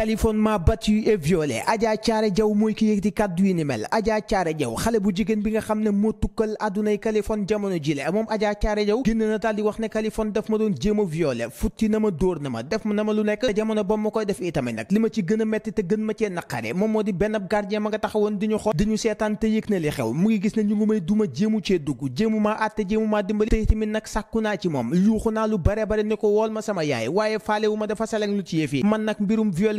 californement battu et violé Adja Thiaré Diaw mooy ki yëg di kàddu yi ni mel Adja Thiaré Diaw xale bu jigéen bi nga xam ne moo tukkal àddunay Californie jamono jile moom Adja Thiaré Diaw génn na daal di wax ne Californie daf ma doon jéem a violé futti na ma dóor na ma def na ma lu nekk te jamono ba ma koy def itamit nag li ma ci gën a metti te gën ma cee naqare moom moo di benn ab gardien ma nga taxawoon di ñu xool di ñu seetaan te yëg na li xew mu ngi gis ne ñu ngi may duma jéemu cee dugg jéemu maa àtte jéemu maa dimbali te nag sàkku naa ci moom yuuxu naa lu bare bare ne ko wool ma sama yaay waaye faale ma dafa seleng lu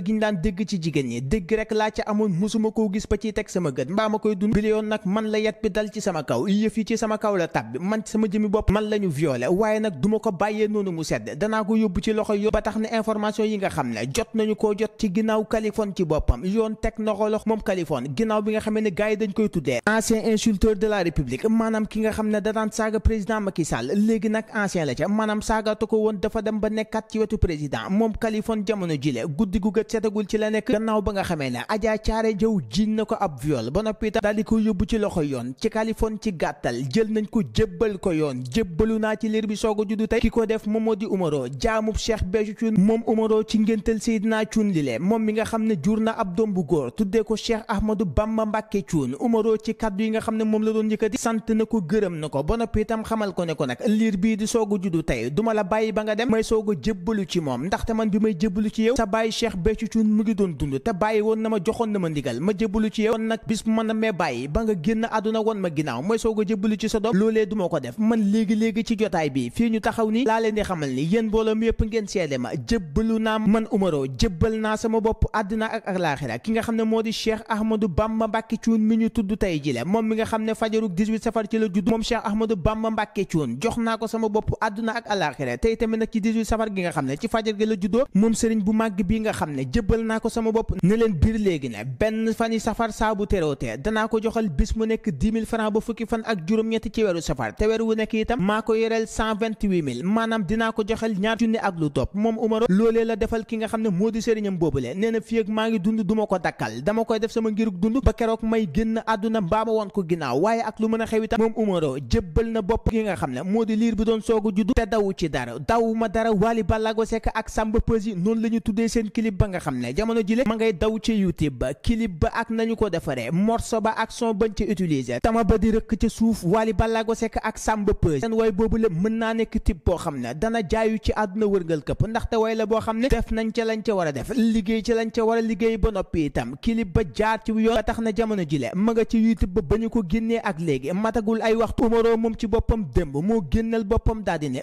giñ daan dégg ci jigéen ñi dégg rek laa ca amoon musuma koo gis ba ciy teg sama gët mbaa ma koy dund bi yoon nag man la yat bi dal ci sama kaw yëf yi ci sama kaw la tàbbi man sama jëmi bopp man la ñu violé waaye nag duma ko bàyyee noonu mu sedd danaa ko yóbbu ci loxo yoon ba tax ne information yi nga xam ne jot nañu ko jot ci ginnaaw Kaliphone ci boppam yoon teg na ko lox moom kalifon ginnaaw bi nga xam ne gars yi dañ koy tuddee ancien insulteur de la république maanaam ki nga xam ne da daan saaga président Macky Sall léegi nag ancien la ca maanaam saagaatu ko woon dafa dem ba nekkaat ci wetu président moom Kaliphone jamono jile guddi setagul ci la nekk gannaaw ba nga xamee ne ko ab viol ba noppi itam daal di ko yóbbu ci loxo yoon ci Californie ci gàttal jël nañ ko jébbal ko yoon jébbalu naa ci liir bi soog a juddu tey ki ko def moom moo di Umaro jaamub Cheikh Béthio Thioune moom Umaro ci ngéntal Seydina Thioune li lee moom mi nga xam ne jur na ab doom bu góor tuddee ko Cheikh Ahmadou Bamba Mbàkke Thioune Umaro ci kaddu yi nga xam ne moom la doon yëkkati sant na ko gërëm na ko ba noppi itam xamal ko ne ko nag liir bii di soog a juddu tey duma la bàyyi ba nga dem may soog a jébbalu ci moom ndaxte man bi may jébbalu ci yow sa bàyyi Cheikh Béthio ci cuun mu ngi doon dund te bàyyi woon na ma joxoon na ma ndigal ma jébbalu ci yow kon nag bis bu ma namee bàyyi ba nga génn àdduna woon ma ginnaaw mooy soog a jébbalu ci sa loolee du ko def man léegi-léegi ci jotaay bi fii ñu taxaw ni laa leen di xamal ni yéen mbooloo mi ngeen seede ma jébbalu naa man Umaro jébbal naa sama bopp àddina ak ak ki nga xam ne moo di Cheikh Ahmadou Bamba Mbàkke cuun mi ñu tudd tey ji le moom mi nga xam ne fajarug 18 safar ci la judd moom Cheikh Ahmadou Bamba Mbàkke cuun jox naa ko sama bopp gi nga xam ne ci fajar jëbbal naa ko sama bopp ne leen biir léegi ne benn fan yi safar saa bu terewtee danaa ko joxal bis mu nekk 10 000 francs ba fukki fan ak juróom-ñetti ci weeru safar te weer wu nekk itam maa ko yoreel 128 000 maanaam dinaa ko joxal ñaar junni ak lu topp moom Umaro loolee la defal ki nga xam ne moo di sëriñam boobule nee na fii ak maa ngi dund duma ko dakkal dama koy def sama ngiruk dund ba keroog may génn àdduna mbaa ma woon ko ginnaaw waaye ak lu mën a xew itam moom Umaro jëbbal na bopp ki nga xam ne moo di liir bi doon soogu juddu te dawu ci dara dawu ma dara Wally Ballago Seck ak Samba Peuzzi noonu la ñu tuddee seen clip ba nga xam ne jamono jile ma ngay daw ci youtube ba clip ba ak nañu ko defaree morceau ba ak son bañ ci utiliser tama ba di rëkk ci suuf Wally Ballago Seck ak Samba Peuzzi seen way boobu la mën naa nekk type boo xam ne dana jaayu ci àdduna wërngal këpp ndaxte way la boo xam ne def nañ ca lañ ca war a def liggéey ci lañ ca war a liggéey ba noppi itam clip ba jaar ci yoon ba tax na jamono jile ma nga ci youtube ba ba ñu ko génnee ak léegi matagul ay waxtu Omaro moom ci boppam démb moo génnal boppam daal di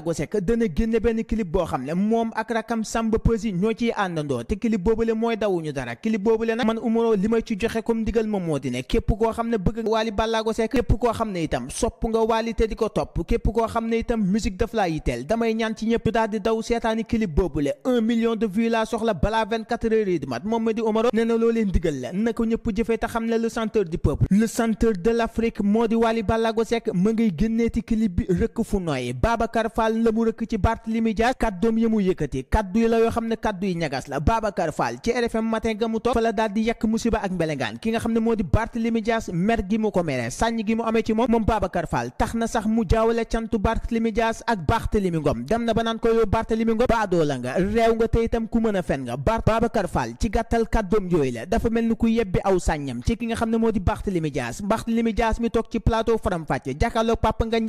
Balago Seck dana génne benn clip boo xam ne moom ak rakam Samba Peuzzi ñoo ciy àndandoo te clip boobule mooy dawuñu dara clip boobule nag man Omaro li may ci joxe comme ndigal moom moo di ne képp koo xam ne bëgg Wally Balago Seck képp koo xam ne itam sopp nga Wally te di ko topp képp koo xam ne itam musique daf laa yitteel damay ñaan ci ñëpp daal daw seetaani clip boobule un million de vues laa soxla balaa vingt-quatre heures yi di mat moom ma di Omaro Fall la mu rëkk ci Barthélemy Dias kàddoom ya mu yëkkati kàddu yi la yoo xam ne kàddu yi ñagas la Babacar Fall ci RFM matin ga mu toog fa la daal di yàq musiba ak mbelengaan ki nga xam ne moo di Barthélemy Dias mer gi mu ko mere sàññ gi mu amee ci moom moom Babacar Fall nga réew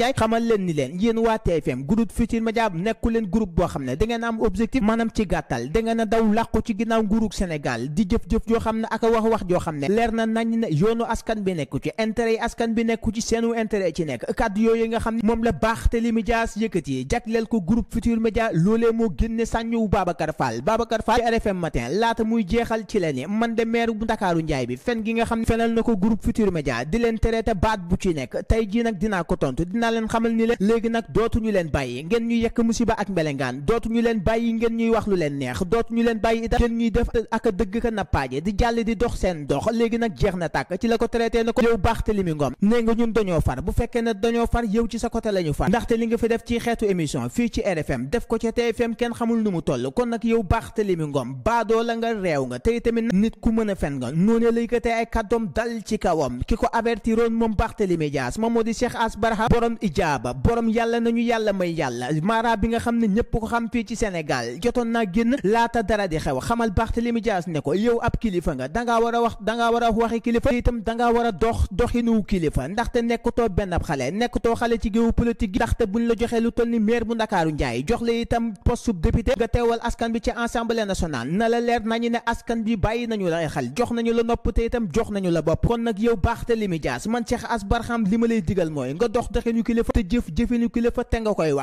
a xamal leen ni leen yéen waa TFM gudd Walf Futurs Médias nekku leen groupe boo xam ne da ngeen am objectif maanaam ci gàttal da ngeen a daw làqu ci ginnaaw nguurug Sénégal di jëf-jëf joo xam ne ak a wax wax joo xam ne leer na nañ ne yoonu askan bi nekku ci intérêt yi askan bi nekku ci seenu intérêt ci nekk kàddu yooyu nga xam ne moom la baax te Barthélémy Dias yëkkat yi jagleel ko groupe Futurs Médias loolee moo génne sàññu Babacar Fall Babacar Fall RFM matin laata muy jeexal ci la ne man de maire bu Ndakaaru Njaay bi fen gi nga xam ne fenal na ko groupe Futurs Médias di baat bu ci nekk tey jii dinaa ko tontu dinaa leen xamal ni leen léegi nag dootuñu leen bàyyi bàyyi ngeen ñuy yekk musiba ak mbelengaan dootu ñu leen bàyyi ndaxte li nga fi def ci xeetu émission fii ci RFM def ko ci TFM kenn xamul nu mu toll kon nag yow Barthélémy Ngom baadoo la nga réew nga tey tamit nit ku mën a fen nga noonee lay yëkkatee ay kàddoom dal ci kawam ki ko avertiroon moom Barthélémy Dias moom moo di Cheikh As Barha borom ijaaba borom yàlla nañu yàlla may yàlla yàlla mara bi nga xam ne ñëpp ko xam fii ci Sénégal jotoon naa génn laata dara di xew xamal Barthélémy Dias ne ko yow ab kilifa nga dangaa war a wax dangaa war a waxi kilifa itam dangaa war a dox doxinu kilifa ndaxte nekkatoo benn ab xale nekkatoo xale ci géewu politique gi ndaxte buñ la joxee lu toll ni maire bu Ndakaaru Njaay jox la itam poste sub nga teewal askan bi ci Assemblée nationale na la leer nañu ne askan bi bàyyi nañu la xel jox nañu la nopp te itam jox nañu la bopp kon nag yow Barthélémy Dias man Cheikh Asbarham li ma lay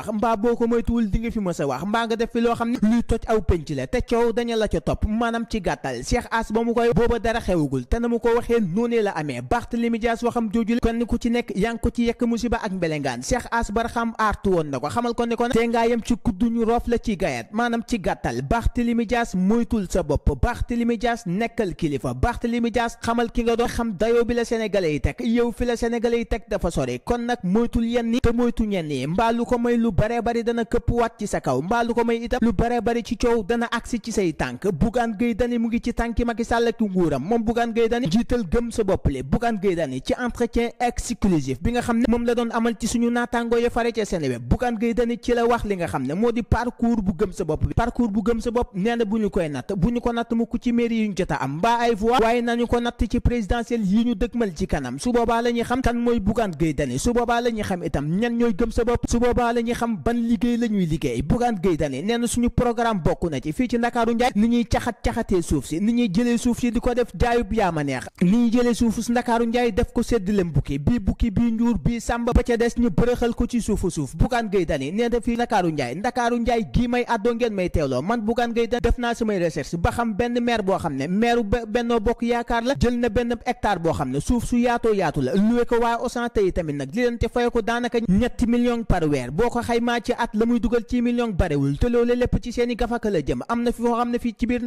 wax mbaa boo ko moytuwul di nga fi mës a wax mbaa nga def fi loo xam ne luy toj aw penc la te coow daña la ca topp maanaam ci gàttal Cheikh As ba mu koy booba dara xewagul te na mu ko waxee noonee la amee Barthélémy Dias waxam jooju kenn ku ci nekk yaa ko ci yekk musiba ak mbelengaan Cheikh As Barham aartu woon na ko xamal ko ne ko te ngaa yem ci kudduñu roof la ci gayat maanaam ci gàttal Barthélémy Dias sa bopp Barthélémy Dias nekkal kilifa Barthélémy Dias xamal ki nga doon xam dayo bi la sénégalais yi teg yow fi la sénégalais yi teg dafa sori kon nag moytul yenn te moytu ñenn yi mbaa bare bari dana këpp ci sa kaw mbaa ko may itam lu bare bari ci coow dana agsi ci say tànk mu ngi ci tànki Macky Sall ki nguuram moom Bougane Gueye Dany jiital gëm sa bopp le Bougane Gueye Dany ci entretien exclusif bi nga xam ne moom la doon amal ci suñu naataangoo ya fare ca Seneweb Bougane Gueye ci la wax li nga xam ne moo di parcours bu gëm sa bopp bi parcours bu gëm sa bopp nee bu ñu koy natt bu ñu ko natt mukk ci mairie yu ñu jota am mbaa ay voix waaye nañu ko natt ci présidentielle yi ñu dëgmal ci kanam su boobaa la ñuy xam kan mooy Bougane Gueye Dany su boobaa la ñuy xam itam ñan ñooy gëm sa bopp su boobaa la xam xam ban liggéey la ñuy liggéey Bougane Gueye Dany nee na suñu programme bokk na ci fii ci Ndakaaru Njaay ko def jaayub yaama neex ni ñuy jëlee suufu si Ndakaaru Njaay ba ca des ñu bërëxal ko ci suufu suuf Bougane Gueye Dany nee na fii Ndakaaru Njaay Ndakaaru Njaay gii may àddoo ngeen may teewloo man Bougane Gueye Dany def naa samay recherche ba xam benn maire boo xam ne maire Benno Bokk Yaakaar la jël na benn hectare boo xam ne suuf su yaatoo yaatu la luwe ko waa Auchan tey tamit nag li leen te fay ko daanaka ñetti millions par weer boo ko xay xaymaa ci at la muy dugal ci million barewul i gafaka na fi foo xam ne fii ci biir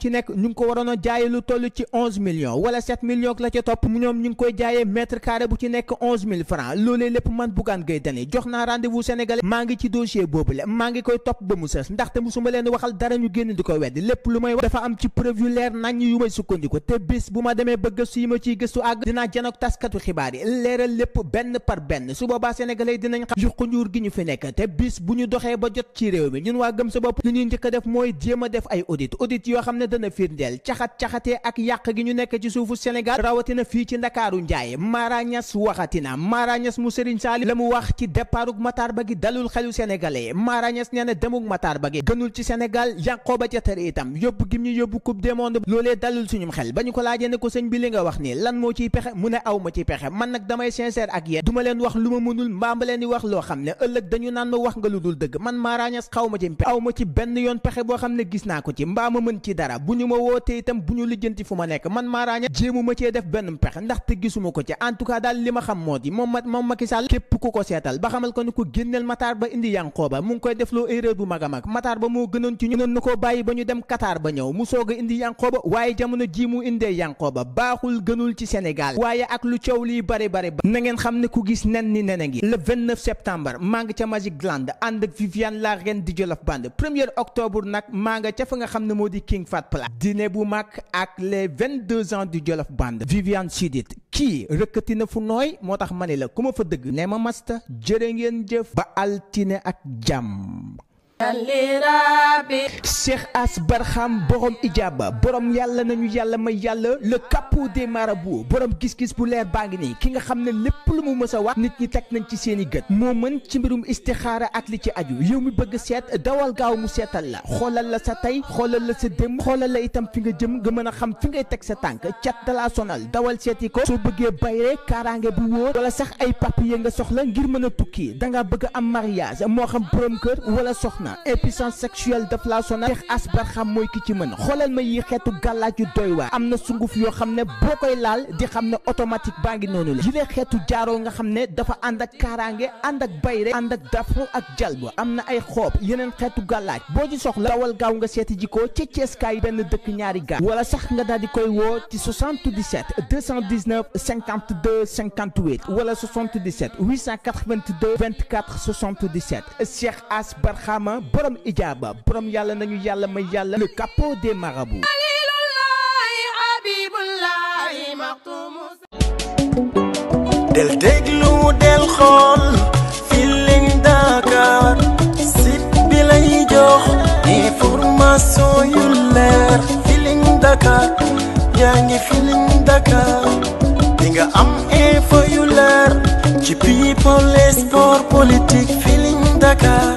ci nekk ñu ngi ko waroon a jaaye lu toll ci onze millions wala sept millions la ca topp koy jaayee mètre carré bu ci nekk onze mille francs loolee lépp man Bougane Gueye Dany jox naa maa ngi ci dossier boobu la maa ngi koy topp ba mu sës ndaxte suma leen waxal dara ñu génn di ko weddi lépp lu may wax dafa am ci preuve yu leer nañ yu may sukkandiku te bis bu ma demee ba gëstu ma ciy gëstu àgg dina janok taskatu xibaar yi leeral lépp benn par benn su boobaa sénégalais dinañ xam xunjuur gi ñu fi nekk te bis bu ñu doxee ba jot ci réew mi ñun waa gëm sa bopp lu ñuy njëkk a def mooy jéem a def ay audit audit yoo xam ne dana firndeel caxat-caxatee ak yàq gi ñu nekk ci suufu Sénégal rawatina fii ci Ndakaaru Njaay Mara waxatina Mara mu Serigne Sali la mu wax ci départuk Matar Ba gi dalul xelu sénégalais Mara Niass nee na demuk Matar Ba gi gënul ci Sénégal yànqoo ba jatar itam yóbbu gim ñu yóbbu coupe du monde loolee dalul suñum xel yoo xam ne ëllëg dañu naan ma wax nga lu dul dëgg man Mara Niass ma ci pexe aw ci benn yoon pexe boo xam ne gis naa ko ci mbaa ma mën ci dara bu ñu ma wootee itam bu ñu lijjanti fu ma nekk man Mara Niass jéemu ma cee def benn pexe ndaxte gisuma ko ci en tout daal li ma xam moo di moom ma moom Macky Sall képp ku ko seetal ba xamal ko ni ko génneel Matar Ba indi Yankooba mu ngi koy defloo erreur bu mag a mag Matar Ba moo gënoon ci ñu noon na koo bàyyi ba ñu dem Qatar ba ñëw mu soog a indi Yankooba waaye jamono ji mu indee ba baaxul gënul ci Sénégal waaye ak lu coow liy bare bari na ngeen xam ne ku gis nen ni nen a ngi le 29 septembre maa ngi ca Magic Land ànd ak Viviane la reine di Jolof Band premier octobre nag maa nga ca fa nga xam ne moo di King Fat Palace dîner bu mag ak les vingt deux ans du Jolof Band Viviane Chidid kii rëkkati na fu nooy moo tax ma ne la ku ma fa dëgg ne ma masta jërë ngeen jëf ba altine ak jàmm Cheikh As Barham borom ijaaba boroom yàlla na ñu yàlla may yàlla le capot des marabouts boroom gis-gis bu leer baa ngi nii ki nga xam ne lépp lu mu mës a wax nit ñi teg nañ ci seen i gët moo mën ci mbirum istixaara ak li ci aju yow mi bëgg seet dawal gaaw mu seetal la xoolal la sa tey xoolal la sa démb xoolal la itam fi nga jëm nga mën a xam fi ngay teg sa tànk cat dalaa sonal dawal seeti ko soo bëggee bayre kaaraange bu wóor wala sax ay papier nga soxla ngir mën a tukki danga bëgg am mariage wala soxna na épuissance sexuelle daf laa sonal As Barham mooy ki ci mën xoolal ma yi xeetu gàllaaj yu doy waar am na sunguf yoo xam ne boo koy laal di xam ne automatique baa ngi noonu la yilee xeetu jaaroo nga xam ne dafa ànd ak kaaraange ànd ak bayre ànd ak dafro ak jalba am na ay xoob yeneen xeetu gàllaaj boo ci soxla dawal gaaw nga seeti ji ko ci ceeskaay benn dëkk ñaari gaar wala sax nga daal di koy woo ci 77 219 52 58 wala 77 882 24 77 Cheikh As Barhama ah ijaaba borom yàlla nañu yàlla may yàlla le capot des marabouts del déglu del xool Feeling Dakar site bi lay jox information yu leer Feeling Dakar yaa ngi Feeling Dakar di am info leer ci people sport politique Feeling Dakar